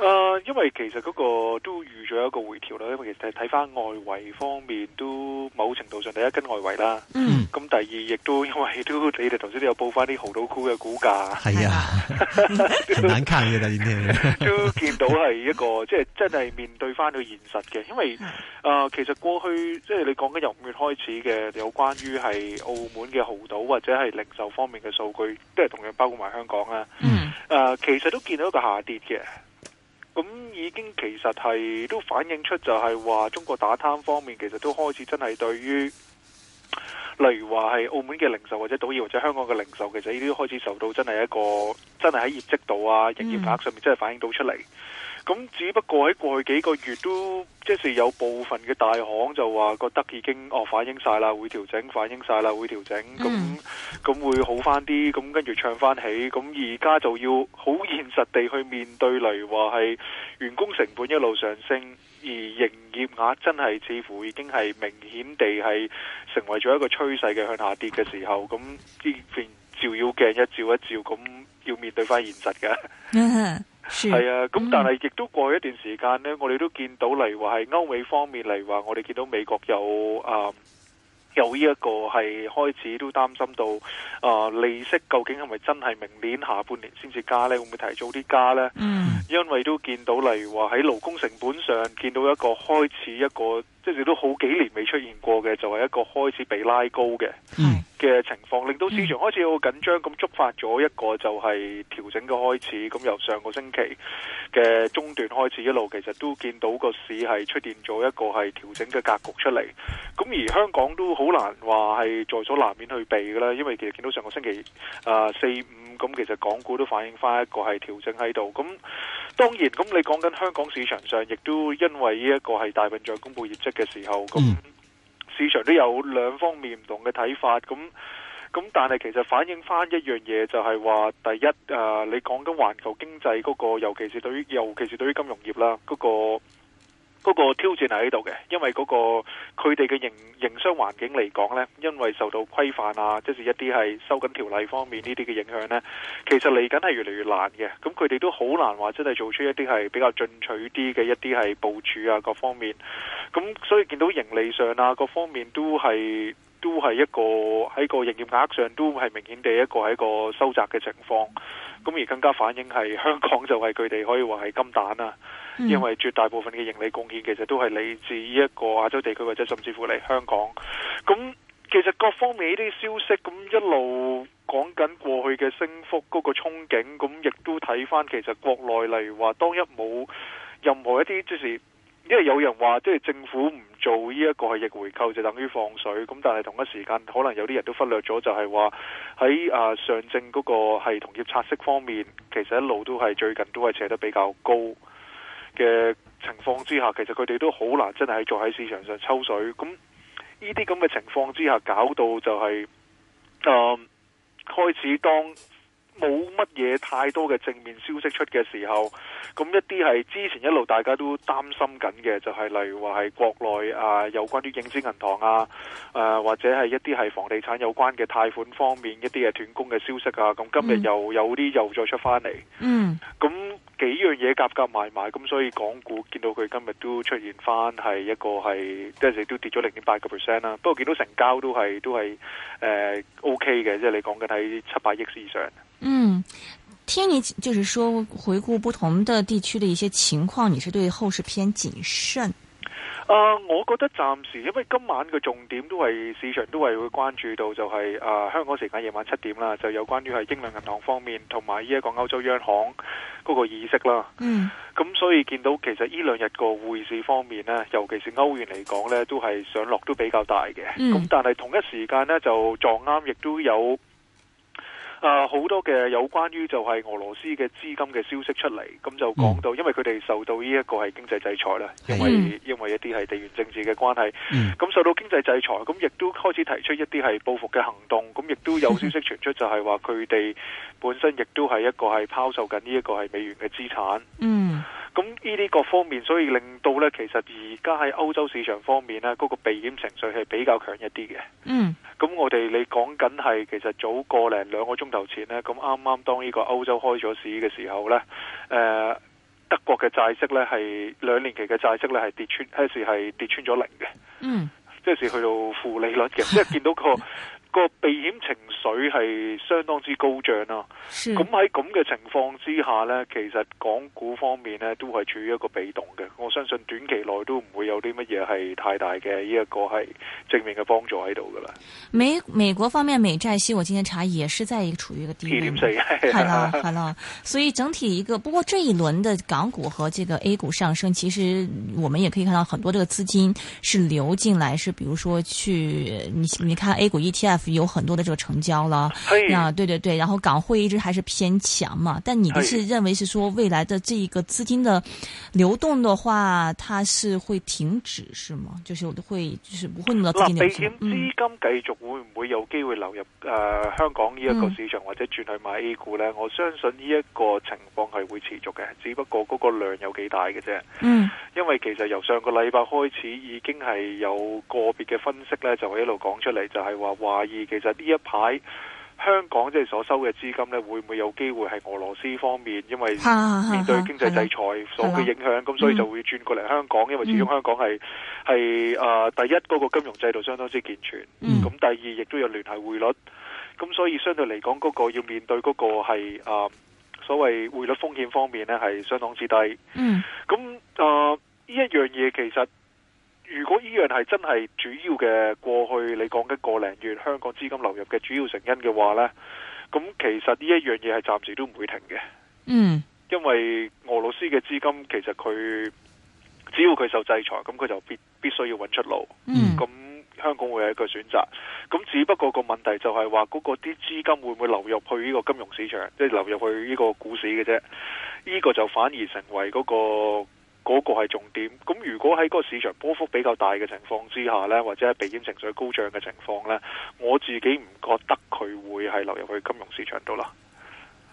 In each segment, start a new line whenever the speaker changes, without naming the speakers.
啊、呃，因為其實嗰個都預咗一個回調啦。因為其實睇翻外圍方面，都某程度上第一跟外圍啦。嗯。咁第二亦都因為都你哋頭先都有報翻啲豪島股嘅股價。係啊。難 都
看嘅啦，已經。 都
見到係一個即係、就是、真係面對翻個現實嘅，因為啊、呃，其實過去即係、就是、你講緊由五月開始嘅有關於係澳門嘅豪島或者係零售方面嘅數據，都係同樣包括埋香港啊。嗯、呃。其實都見到一個下跌嘅。已經其實係都反映出就係話中國打貪方面，其實都開始真係對於，例如話係澳門嘅零售或者賭業或者香港嘅零售，其實呢啲都開始受到真係一個真係喺業績度啊營業額上面真係反映到出嚟。Mm -hmm. 咁只不過喺過去幾個月都，即是有部分嘅大行就話覺得已經哦反映晒啦，會調整反映晒啦，會調整咁咁會好翻啲，咁跟住唱翻起，咁而家就要好現實地去面對嚟話係員工成本一路上升，而營業額真係似乎已經係明顯地係成為咗一個趨勢嘅向下跌嘅時候，咁呢邊照妖鏡一照一照，咁要面對翻現實嘅。係、Sure. mm -hmm. 啊，咁但係亦都過去一段時間呢，我哋都見到例如話係歐美方面例如話，我哋見到美國有啊有呢一個係開始都擔心到啊利息究竟係咪真係明年下半年先至加呢，會唔會提早啲加呢？Mm -hmm. 因為都見到例如話喺勞工成本上見到一個開始一個。即係都好幾年未出現過嘅，就係、是、一個開始被拉高嘅嘅、嗯、情況，令到市場開始好緊張，咁觸發咗一個就係調整嘅開始。咁、嗯、由上個星期嘅中段開始，一路其實都見到個市係出現咗一個係調整嘅格局出嚟。咁、嗯、而香港都好難話係在所難免去避嘅啦，因為其實見到上個星期四五咁，其實港股都反映翻一個係調整喺度咁。嗯當然，咁你講緊香港市場上，亦都因為呢一個係大笨象公布業績嘅時候，咁市場都有兩方面唔同嘅睇法，咁咁，但係其實反映翻一樣嘢，就係話第一，誒、呃，你講緊環球經濟嗰、那個，尤其是對於，尤其是對於金融業啦，嗰、那個。嗰個挑戰係喺度嘅，因為嗰個佢哋嘅營營商環境嚟講呢，因為受到規範啊，即係一啲係收緊條例方面呢啲嘅影響呢，
其實嚟緊係
越嚟越難嘅。咁佢哋都好難話真係做出一啲係比較進取啲嘅一啲係部署啊各方面。咁所以見到盈利上啊各方面都係都係一個喺個營業額上都係明顯地一個喺個收窄嘅情況。咁而更加反映係香港就係佢哋可以話係金蛋啊。嗯、因為絕大部分嘅盈利貢獻其實都係嚟自呢一個亞洲地區或者甚至乎嚟香港。咁其實各方面呢啲消息，咁一路講緊過去嘅升幅，嗰個憧憬，咁亦都睇翻其實國內，例如話當一冇任何一啲即係，因為有人話即係政府唔做呢一個係逆回購就等於放水。咁但係同一時間，可能有啲人都忽略咗，就係話喺啊上證嗰個係同業拆息方面，其實一路都係最近都係扯得比較高。嘅情況之下，其實佢哋都好難真係做喺市場上抽水。咁呢啲咁嘅情況之下，搞到就係、是、啊、呃、開始當冇乜嘢太多嘅正面消息出嘅時候，咁一啲係之前一路大家都擔心緊嘅，就係、是、例如話係國內啊有關於影子銀行啊，誒、啊、或者係一啲係房地產有關嘅貸款方面一啲嘅斷供嘅消息啊，咁今日又、嗯、有啲又再出翻嚟。嗯、咁、嗯。幾樣嘢夾夾埋埋，咁所以港股見到佢今日都出現翻係一個係，即係亦都跌咗零點八個 percent 啦。不過見到成交都係都係誒 OK 嘅，即係你講緊喺七百億以上。嗯，
聽你就是說回顧不同的地區的一些情況，你是對後市偏謹慎？
啊、uh，我覺得暫時，因為今晚嘅重點都係市場都係會關注到、就是，就係啊香港時間夜晚七點啦，就有關於係英倫銀行方面同埋呢一個歐洲央行嗰個議息啦。嗯，咁所以見到其實呢兩日個匯市方面呢，尤其是歐元嚟講呢，都係上落都比較大嘅。咁、mm. 但係同一時間呢，就撞啱，亦都有。啊，好多嘅有關於就係俄羅斯嘅資金嘅消息出嚟，咁就講到、嗯，因為佢哋受到呢一個係經濟制裁啦，因為因為一啲係地緣政治嘅關係，咁、嗯、受到經濟制裁，咁亦都開始提出一啲係報復嘅行動，咁亦都有消息傳出，就係話佢哋本身亦都係一個係拋售緊呢一個係美元嘅資產，嗯，咁呢啲各方面，所以令到咧，其實而家喺歐洲市場方面咧，嗰、嗰個避險情緒係比較強一啲嘅，嗯，咁我哋你講緊係，其實早過零兩個鐘。頭前呢，咁啱啱當呢個歐洲開咗市嘅時候呢誒，德國嘅債息呢係兩年期嘅債息呢係跌穿，一時係跌穿咗零嘅，嗯，即係時去到負利率嘅， 即係見到個。那個避險情緒，係相當之高漲啦，啊，咁喺咁嘅情況之下呢，其實港股方面呢，都係處於一個被動嘅，我相信短期內都唔會有啲乜嘢係太大嘅呢一個係正面嘅幫助喺度嘅啦。美
美國方面，美債息我今天查也是在一處於一個低
點位，係啦、 啊，
係啦、啊，所以整體一個不過這一輪嘅港股和這個 A 股上升，其實我們也可以看到很多這個資金是流進來，是，比如說去你你看 A 股 ETF。有很多的這個成交啦，啊，對對對，然後港匯一直還是偏強嘛，但你的是認為是說未來的這一個資金的流動的話，它是會停止是嗎？就是會就是不會那麼資金流出。資、嗯、
金繼續會唔會有機會流入，誒、呃、香港呢一個市場、嗯、或者轉去買 A 股咧。我相信呢一個情況係會持續嘅，只不過嗰個量有幾大嘅啫。嗯，因為其實由上個禮拜開始已經係有個別嘅分析咧，就一路講出嚟，就係話話。而其實呢一排香港即係所收嘅資金呢，會唔會有機會係俄羅斯方面，因為面對經濟制裁所嘅影響，咁所以就會轉過嚟香港，因為始終香港係係啊第一嗰、嗰個金融制度相當之健全，咁、嗯、第二亦都有聯繫匯率，咁所以相對嚟講嗰個要面對嗰個係、啊、所謂匯率風險方面呢，係相當之低。咁、嗯、啊呢一樣嘢其實。如果呢樣係真係主要嘅過去你講嘅個零月香港資金流入嘅主要成因嘅話呢，咁其實呢一樣嘢係暫時都唔會停嘅。嗯、mm.，因為俄羅斯嘅資金其實佢只要佢受制裁，咁佢就必必須要揾出路。咁、mm. 香港會有一個選擇。咁只不過個問題就係話嗰個啲資金會唔會流入去呢個金融市場，即係流入去呢個股市嘅啫？呢個就反而成為嗰個。嗰、那個係重點，咁如果喺個市場波幅比較大嘅情況之下呢，或者係避險情緒高漲嘅情況呢，我自己唔覺得佢會係流入去金融市場度啦。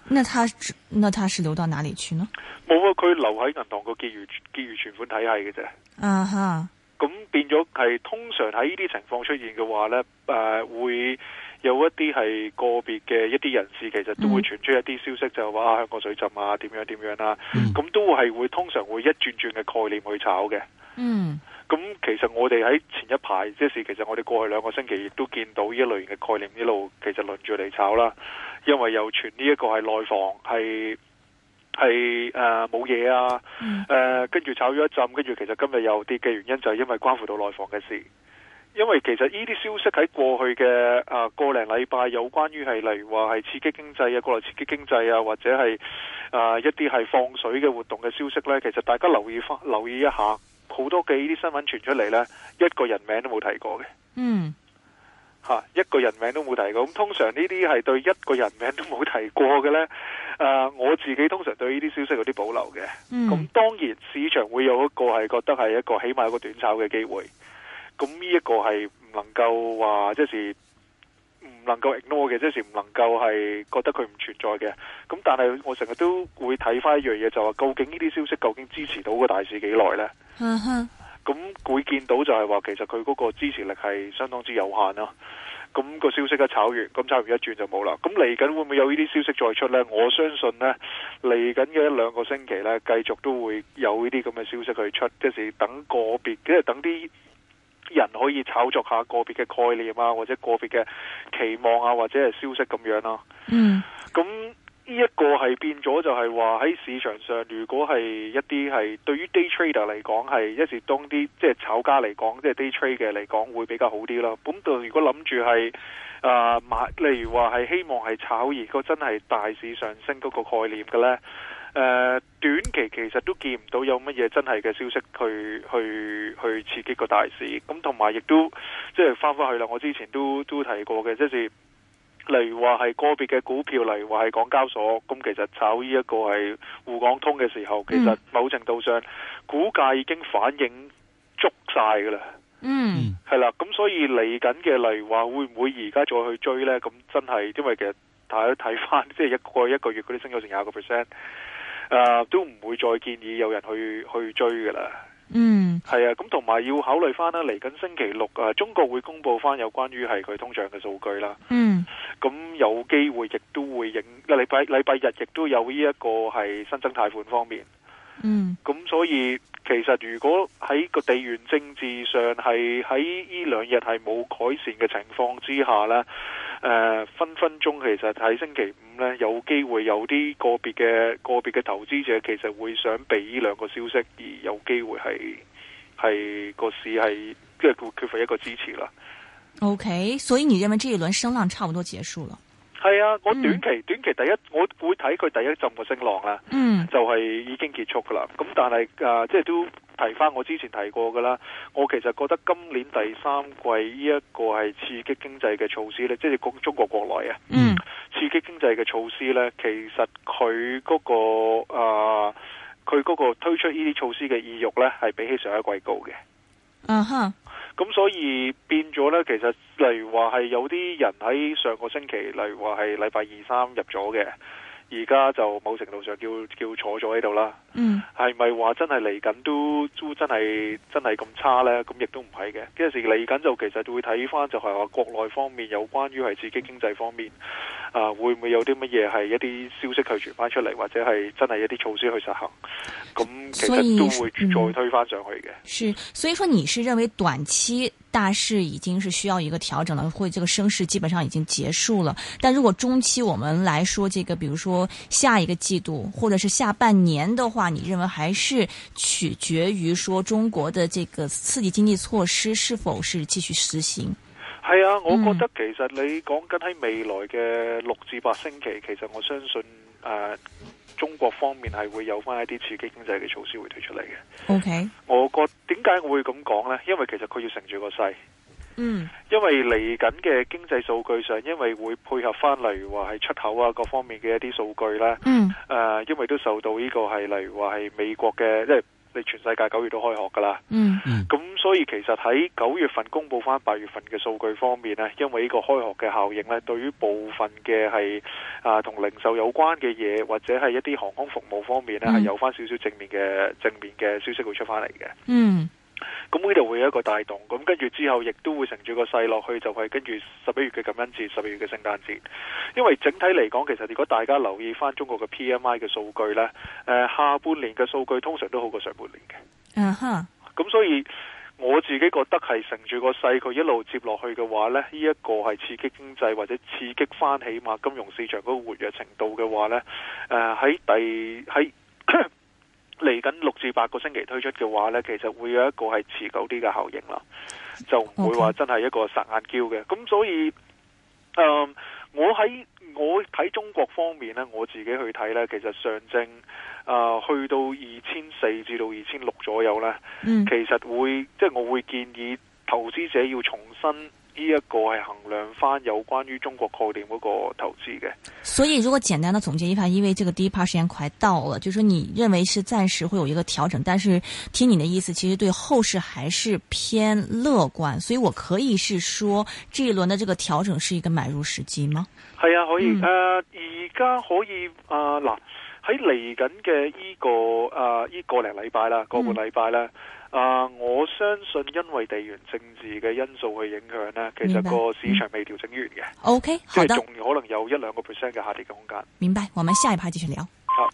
那他那他是流到哪裏去呢？
冇啊，佢留喺銀行個結餘結餘存款體系嘅啫。啊哈，咁變咗係通常喺呢啲情況出現嘅話呢，誒、呃、會。有一啲係個別嘅一啲人士，其實都會傳出一啲消息就是說、啊，就係話香港水浸啊，點樣點樣啦、啊，咁、mm. 都係會通常會一轉轉嘅概念去炒嘅。嗯，咁其實我哋喺前一排，即、就是其實我哋過去兩個星期亦都見到呢一類型嘅概念一路其實輪住嚟炒啦，因為又傳呢一個係內房係係誒冇嘢啊，誒跟住炒咗一陣，跟住其實今日又跌嘅原因就係因為關乎到內房嘅事。因為其實呢啲消息喺過去嘅，啊，過零禮拜有關於係，例如話係刺激經濟啊，過來刺激經濟啊，或者係啊一啲係放水嘅活動嘅消息呢，其實大家留意翻、留意一下，好多嘅呢啲新聞傳出嚟呢，一個人名都冇提過嘅。嗯，吓、啊、一個人名都冇提過。咁通常呢啲係對一個人名都冇提過嘅呢，誒、啊，我自己通常對呢啲消息有啲保留嘅。嗯。咁當然市場會有一個係覺得係一個起碼有個短炒嘅機會。咁呢一個係唔能夠話，即係唔能夠 ignore 嘅，即係唔能夠係覺得佢唔存在嘅。咁但係我成日都會睇翻一樣嘢，就話究竟呢啲消息究竟支持到個大市幾耐呢？咁、嗯、會見到就係話，其實佢嗰個支持力係相當之有限啦、啊。咁個消息一炒完，咁炒完一轉就冇啦。咁嚟緊會唔會有呢啲消息再出呢？我相信呢嚟緊嘅一兩個星期呢，繼續都會有呢啲咁嘅消息去出，即係等個別，即係等啲。人可以炒作下個別嘅概念啊，或者個別嘅期望啊，或者係消息咁樣咯、啊。嗯，咁呢一個係變咗就係話喺市場上，如果係一啲係對於 day trader 嚟講係，一時當啲即係炒家嚟講，即、就、係、是、day trade 嘅嚟講會比較好啲咯。咁度如果諗住係啊買，例如話係希望係炒而個真係大市上升嗰個概念嘅呢。誒、uh，短期其實都見唔到有乜嘢真係嘅消息去去去刺激個大市，咁同埋亦都即係翻翻去啦。我之前都都提過嘅，即、就是例如話係個別嘅股票，例如話係港交所，咁其實炒呢一個係滬港通嘅時候，mm. 其實某程度上股價已經反映足晒噶啦。嗯、mm.，係啦，咁所以嚟緊嘅，例如話會唔會而家再去追呢？咁真係，因為其實大家睇翻，即係一個一個月嗰啲升咗成廿個 percent。誒、啊，都唔會再建議有人去去追噶啦。嗯，係啊，咁同埋要考慮翻啦，嚟緊星期六啊，中國會公布翻有關於係佢通脹嘅數據啦。嗯，咁有機會亦都會影，禮拜禮拜日亦都有呢一個係新增貸款方面。嗯，咁所以其實如果喺個地緣政治上係喺呢兩日係冇改善嘅情況之下呢，誒、呃，分分鐘其實喺星期五咧，有機會有啲個別嘅個別嘅投資者，其實會想避呢兩個消息，而有機會係係個市係即係佢缺乏一個支持啦。
OK，所以你認為這一輪聲浪差不多結束了？
係啊，我短期、嗯、短期第一，我會睇佢第一陣個聲浪啊，嗯，就係、是、已經結束噶啦。咁但係誒、呃，即係都。提翻我之前提過噶啦，我其實覺得今年第三季呢一個係刺激經濟嘅措施咧，即係中國國內啊，嗯，刺激經濟嘅措施咧，其實佢嗰個呃，佢嗰個推出呢啲措施嘅意欲咧，係比起上一季高嘅。嗯哼，咁所以變咗咧，其實例如話係有啲人喺上個星期，例如話係禮拜二三入咗嘅。而家就某程度上叫叫坐咗喺度啦，嗯，係咪話真係嚟緊都都真係真係咁差咧？咁亦都唔係嘅，陣時嚟緊就其實都會睇翻就係話國內方面有關於係自己經濟方面啊，會唔會有啲乜嘢係一啲消息去傳翻出嚟，或者係真係一啲措施去實行，咁其實都會再推翻上去嘅，嗯。
是，所以說你是認為短期大市已經是需要一個調整啦，會這個升勢基本上已經結束了。但如果中期我們來說，這個，比如說。下一個季度，或者是下半年的話，你認為還是取決於說中國的這個刺激經濟措施是否是繼續實行？係啊，我覺得
其實你講緊喺未來嘅六至八星期，其實我相信誒、呃，中國方面係會有翻一啲刺激經濟嘅措施會推出嚟嘅。OK，我覺點解我會咁講呢？因為其實佢要承住個勢。嗯，因為嚟緊嘅經濟數據上，因為會配合翻，例如話係出口啊，各方面嘅一啲數據啦。嗯。誒、呃，因為都受到呢個係例如話係美國嘅，即係你全世界九月都開學噶啦。嗯。咁所以其實喺九月份公布翻八月份嘅數據方面呢，因為呢個開學嘅效應呢，對於部分嘅係啊同零售有關嘅嘢，或者係一啲航空服務方面呢，係、嗯、有翻少少正面嘅正面嘅消息會出翻嚟嘅。嗯。咁呢度會有一個帶動，咁跟住之後亦都會乘住個勢落去，就係、是、跟住十一月嘅感恩節、十二月嘅聖誕節。因為整體嚟講，其實如果大家留意翻中國嘅 PMI 嘅數據呢，呃，下半年嘅數據通常都好過上半年嘅。嗯哼，咁所以我自己覺得係乘住個勢，佢一路接落去嘅話呢，呢、這、一個係刺激經濟或者刺激翻起碼金融市場嗰個活躍程度嘅話呢，誒、呃、喺第喺。嚟緊六至八個星期推出嘅話呢，其實會有一個係持久啲嘅效應啦，就唔會話真係一個霎眼嬌嘅。咁、okay. 所以，嗯，我喺我睇中國方面呢，我自己去睇呢，其實上證啊、呃，去到二千四至到二千六左右呢，mm. 其實會即係、就是、我會建議投資者要重新。呢、這、一個係衡量翻有關於中國概念嗰個投資嘅。
所以如果簡單的總結一下，因為這個第一 part 時間快到了，就是說，你認為是暫時會有一個調整，但是聽你的意思，其實對後市還是偏樂觀。所以我可以是說，這一輪的這個調整是一個買入時機嗎？
係啊，可以。誒、嗯，而、呃、家可以。啊、呃，嗱，喺嚟緊嘅呢個誒，呢個零禮拜啦，這個，、呃、個了半禮拜啦。嗯啊、呃，我相信因為地緣政治嘅因素去影響呢，其實個市場未調整完嘅。OK，即係仲可能有一兩個 percent 嘅下跌嘅空間。
明白，我們下一 part 繼續聊。好、
啊。